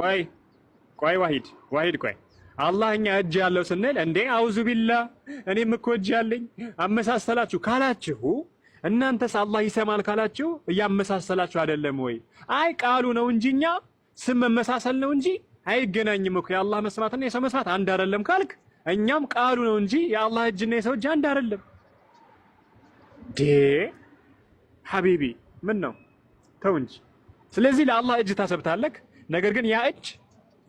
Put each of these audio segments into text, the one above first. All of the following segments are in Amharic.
ቆይ ቆይ ዋሂድ ዋሂድ ቆይ አላህ እኛ እጅ ያለው ስንል እንዴ አውዙ ቢላ እኔም እኮ እጅ ያለኝ አመሳሰላችሁ ካላችሁ እናንተስ አላህ ይሰማል ካላችሁ እያመሳሰላችሁ አይደለም ወይ? አይ ቃሉ ነው እንጂ እኛ ስም መመሳሰል ነው እንጂ አይገናኝም እኮ የአላህ መስማትና የሰው መስማት አንድ አይደለም ካልክ እኛም ቃሉ ነው እንጂ የአላህ እጅና የሰው እጅ አንድ አይደለም። ዴ ሐቢቢ ምን ነው ተው እንጂ። ስለዚህ ለአላህ እጅ ታሰብታለክ ነገር ግን ያ እጅ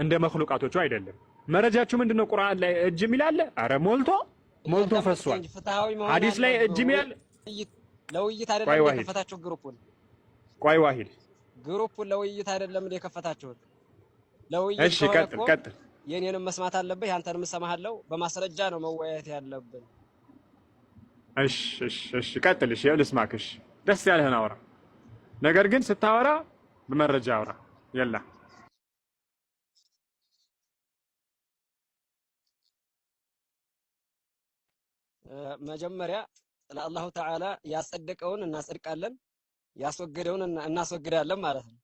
እንደ መክሉቃቶቹ አይደለም። መረጃችሁ ምንድነው? ቁርአን ላይ እጅ የሚል አለ። አረ ሞልቶ ሞልቶ ፈሷል። ሐዲስ ላይ እጅ የሚል አለ። ለውይይት አይደለም የከፈታችሁ ግሩፑን። ቆይ ዋሂል ግሩፑን ለውይይት አይደለም የከፈታችሁት። ለውይይት እሺ፣ ቀጥል ቀጥል። የኔንም መስማት አለብህ፣ ያንተንም እሰማሃለሁ። በማስረጃ ነው መወያየት ያለብን። እሺ፣ እሺ፣ እሺ፣ ቀጥል። እሺ፣ ልስማክ። ደስ ያለህን አውራ። ነገር ግን ስታወራ በመረጃ አውራ። የላ መጀመሪያ ለአላሁ ተዓላ ያጸደቀውን እናጸድቃለን፣ ያስወገደውን እናስወግዳለን ማለት ነው።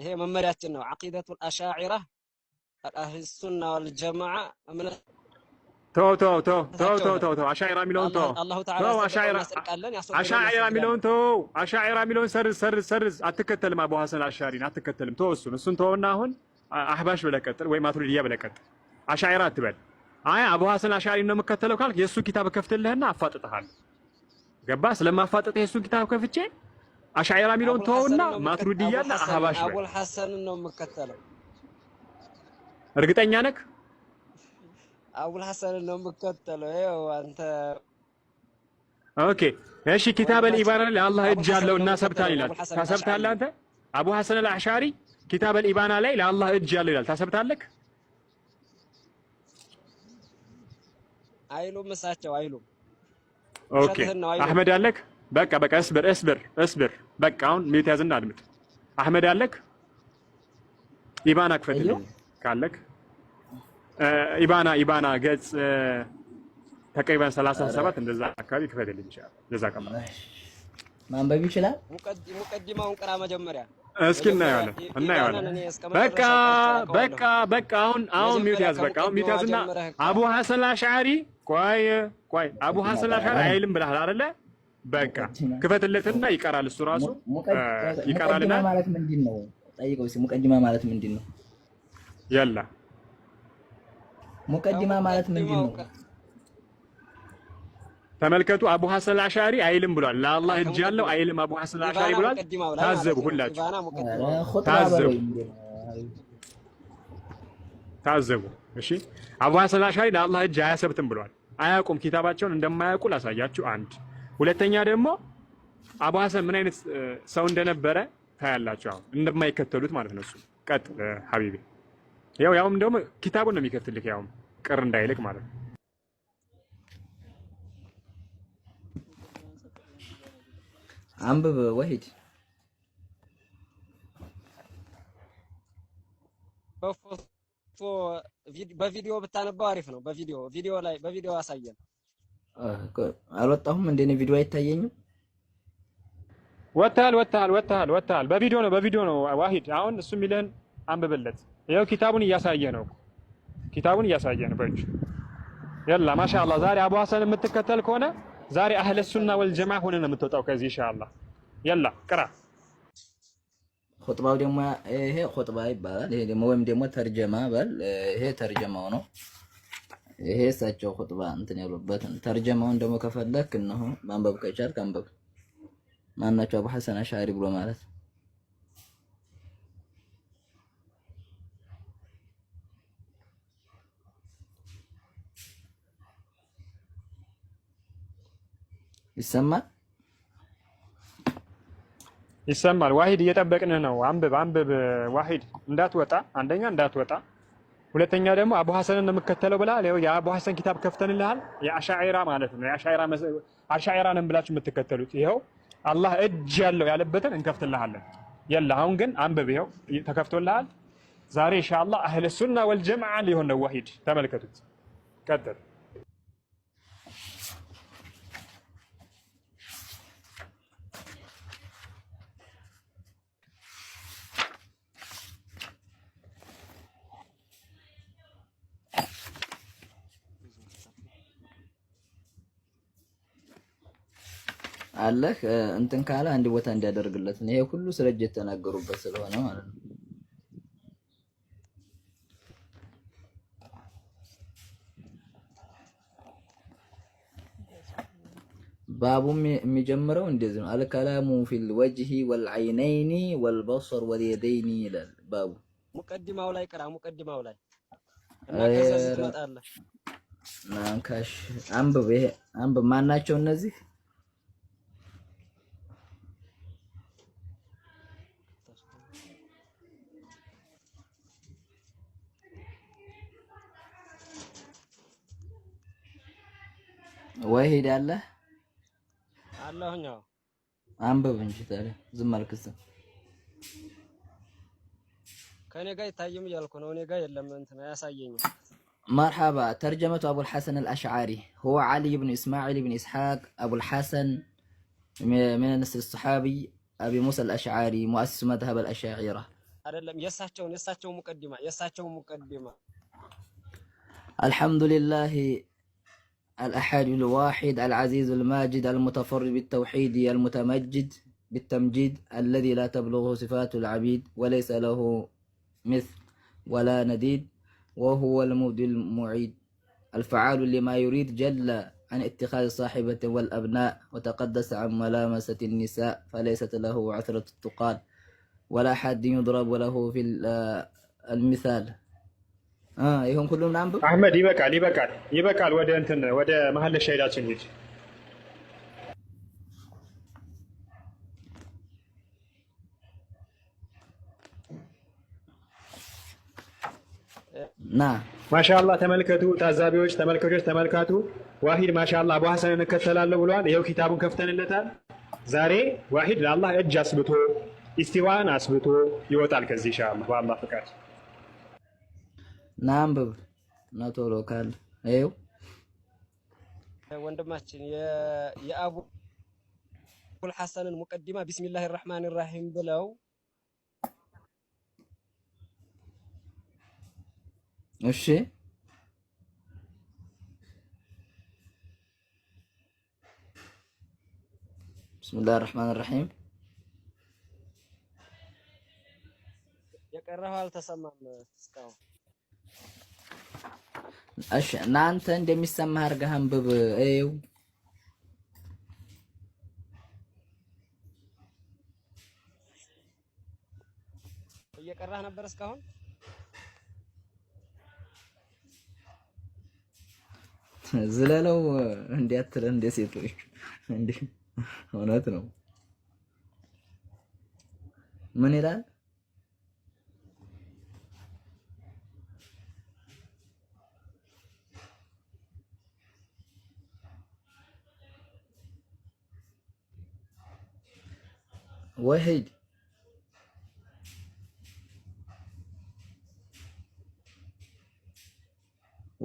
ይሄ መመሪያችን ነው። ዐቂደቱል አሻዒራ አህል ሱና ወልጀማዓ እምነት ተው ተው አሻዒራ የሚለውን ተው አሻዒራ የሚለውን ሰርዝ ሰርዝ ሰርዝ አትከተልም። አቡ ሐሰን አሻሪን አትከተልም። ተው እሱን እሱን ተውና አሁን አህባሽ ብለህ ቀጥል ወይ ማቱሪዲያ ብለህ ቀጥል። አሻዒራ አትበል። አይ አቡ ሐሰን አሻሪ ነው የምከተለው ካልክ የእሱ ኪታብ ከፍትልህና አፋጥጥሃል። ገባ ስለማፋጠጥ የእሱን ኪታብ ከፍቼ አሻዕራ የሚለውን ተወውና ማትሩዲያና አህባሽ አቡ ሐሰን ነው የምከተለው። እርግጠኛ ነክ? አቡ ሐሰን ነው የምከተለው። ይኸው አንተ ኦኬ፣ እሺ ኪታበል ኢባራ ለአላህ እጅ ያለው እና ሰብታል ይላል። ታሰብታለህ አንተ? አቡ ሐሰን አልአሻሪ ኪታበል ኢባና ላይ ለአላህ እጅ ያለው ይላል። ታሰብታለህ? አይሉም እሳቸው አይሉም። ኦኬ አህመድ አለክ። በቃ በቃ እስብር እስብር እስብር። በቃ አሁን ቤት ያዝና አድምጥ። አህመድ አለክ። ኢባና ክፈትልኝ ካለክ ኢባና ኢባና ገጽ ተቀሪበን 37 እንደዛ አካባቢ ክፈትልኝ ይችላል። እንደዛ ቀማ ማንበብ ይችላል። ሙቀዲማውን ቅራ መጀመሪያ እስኪ እናየዋለን እናየዋለን። በቃ በቃ በቃ አሁን አሁን ሚውት ያዝ። በቃ አሁን ሚውት ያዝና አቡ ሐሰን አልአሽዓሪ ቆይ ቆይ አቡ ሐሰን አልሐን አይልም ብለሃል አይደለ? በቃ ክፈትለትና ይቀራል። እሱ ራሱ ይቀራልና ማለት ምንድን ነው? ጠይቀው እስኪ ሙቀጅማ ማለት ምንድን ነው? ያላ ሙቀጅማ ማለት ምንድን ነው? ተመልከቱ። አቡ ሐሰን አሻሪ አይልም ብሏል። ለአላህ እጅ ያለው አይልም አቡ ሐሰን አሻሪ ብሏል። ታዘቡ፣ ሁላችሁ ታዘቡ። ታዘቡ። እሺ አቡ ሐሰን አሽዓሪ ለአላህ እጅ አያሰብትም ብሏል። አያውቁም፣ ኪታባቸውን እንደማያውቁ ላሳያችሁ። አንድ ሁለተኛ ደግሞ አቡ ሐሰን ምን አይነት ሰው እንደነበረ ታያላችሁ። አሁን እንደማይከተሉት ማለት ነው። እሱ ቀጥ ሀቢቤ ያው ያውም ደግሞ ኪታቡን ነው የሚከትልክ ያውም ቅር እንዳይልክ ማለት ነው። አንብብ ወሂድ በፎስ በቪዲዮ ብታነባው አሪፍ ነው። በቪዲዮ ቪዲዮ ላይ በቪዲዮ አሳየን። አልወጣሁም እንዴ? ቪዲዮ አይታየኝም። ወታል ወታል ወታል ወታል። በቪዲዮ ነው በቪዲዮ ነው ዋሂድ። አሁን እሱ የሚልህን አንብብለት። ይኸው ኪታቡን እያሳየ ነው። ኪታቡን እያሳየ ነው በእጁ የላ ማሻአላ። ዛሬ አቡ ሐሰን የምትከተል ከሆነ ዛሬ አህለ ሱና ወልጀማዓ ሆነ ነው የምትወጣው ከዚህ ኢንሻአላ። የላ ቅራ ኹጥባው ደግሞ ይሄ ኹጥባ ይባላል። ይሄ ደግሞ ወይም ደግሞ ተርጀማ በል። ይሄ ተርጀማው ነው። ይሄ እሳቸው ሆጥባ እንትን ያሉበት ተርጀማውን ደግሞ ከፈለክ እነሆ ማንበብ ከቻልክ አንበብ። ማናቸው አቡ ሐሰን አሻሪ ብሎ ማለት ይሰማል። ይሰማል። ዋሂድ እየጠበቅንህ ነው። አንብብ አንብብ ዋሂድ። እንዳትወጣ አንደኛ እንዳትወጣ፣ ሁለተኛ ደግሞ አቡ ሐሰንን ነው የምከተለው ብላ የአቡ ሐሰን ኪታብ ከፍተንልሃል። የአሻዒራ ማለት ነው። አሻዒራ ነን ብላችሁ የምትከተሉት ይኸው አላህ እጅ ያለው ያለበትን እንከፍትልሃለን። የለ አሁን ግን አንብብ፣ ይኸው ተከፍቶልሃል። ዛሬ ኢንሻአላህ አህለ ሱና ወልጀማዓ ሊሆን ነው ዋሂድ። ተመልከቱት። ቀጥል አለህ እንትን ካለ አንድ ቦታ እንዲያደርግለት ነው። ይሄ ሁሉ ስለ እጅ የተናገሩበት ስለሆነ ማለት ነው። ባቡ የሚጀምረው እንደዚህ ነው። አልከላሙ ፊል ወጅሂ ወልዐይነይኒ ወልበሰር ወልየደይኒ ይላል ባቡ። ሙቀድማው ላይ ቅራ። ሙቀድማው ላይ አንብብ። ይሄ አንብብ። ማናቸው እነዚህ? ወይ ሄዳለህ አለሁኝ። አንብብ እንጂ ታዲያ ዝም አልክስም። ከእኔ ጋር ይታይም እያልኩ ነው። እኔ ጋር የለም እንትን አያሳየኝም። መርሓባ ተርጀመቱ አቡል ሐሰን አልአሽዓሪ ሁወ ዓሊ ብን እስማዒል ብን ኢስሓቅ አቡል ሐሰን ምን ነስል ሰሓቢ አቢ ሙሳ አልአሽዓሪ ሙአሲሱ መዝሀብ አልአሻዒራ አይደለም። የእሳቸውን የእሳቸው ሙቀዲማ የእሳቸው ሙቀዲማ አልሐምዱሊላህ الأحد الواحد العزيز الماجد المتفرد بالتوحيد المتمجد بالتمجيد الذي لا تبلغه صفات العبيد وليس له مثل ولا نديد وهو المبدي المعيد الفعال لما يريد جل عن اتخاذ صاحبة والأبناء وتقدس عن ملامسة النساء فليست له عثرة التقال ولا حد يضرب له في المثال ይሁን ሁሉም ላንብብ። አህመድ ይበቃል፣ ይበቃል፣ ይበቃል። ወደ እንትን ወደ መሀል ሸሄዳችን ሂድ። ና ማሻላ ተመልከቱ፣ ታዛቢዎች ተመልካቾች ተመልከቱ። ዋሂድ ማሻላ አቡ ሐሰን እንከተላለሁ ብሏል። ይኸው ኪታቡን ከፍተንለታል። ዛሬ ዋሂድ ለአላህ እጅ አስብቶ ኢስቲዋን አስብቶ ይወጣል ከዚህ ኢንሻአላህ በአላህ ፍቃድ ና አንብብ ና ቶሎ ካል ይኸው ወንድማችን ሐሰንን ሙቀዲማ ቢስሚላሂ ራህማን ራሂም ብለው እሺ ብስሚላህ ራህማን ራሂም የቀረው አልተሰማም እስካሁን እሺ እናንተ እንደሚሰማ አድርገህ አንብብ። እዩ እየቀራህ ነበር እስካሁን። ዝለለው እንዲያትለ እንደ ሴቶች እንደ እውነት ነው። ምን ይላል? ወሂድ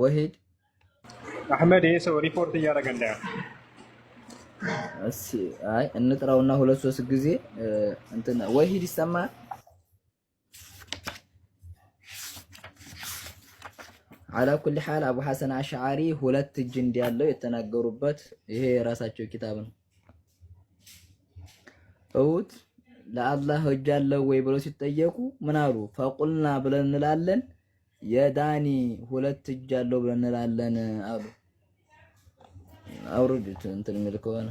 ወሂድ አህመድ ይሄ ሰው ሪፖርት እያደረገ እንዳያ እሺ፣ አይ እንጥራውና ሁለት ሶስት ጊዜ እንትን ወሂድ ይሰማል። አላ ኩሊ ሐል አቡ ሐሰን አሽዓሪ ሁለት እጅ እንዲያለው የተናገሩበት ይሄ የራሳቸው ኪታብ ነው። እውት ለአላህ እጅ አለው ወይ ብለው ሲጠየቁ ምን አሉ? ፈቁልና ብለን እንላለን፣ የዳኒ ሁለት እጅ አለው ብለን እንላለን አሉ። አውርዱት እንትን የሚል ከሆነ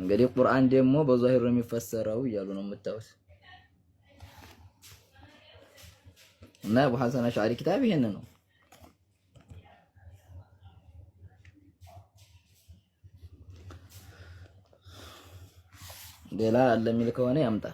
እንግዲህ ቁርአን ደግሞ በዛሂር ነው የሚፈሰረው እያሉ ነው የምታዩት። እና አቡ ሐሰን አሽዓሪ ኪታብ ይሄን ነው ሌላ አለ ከሆነ ያምጣ።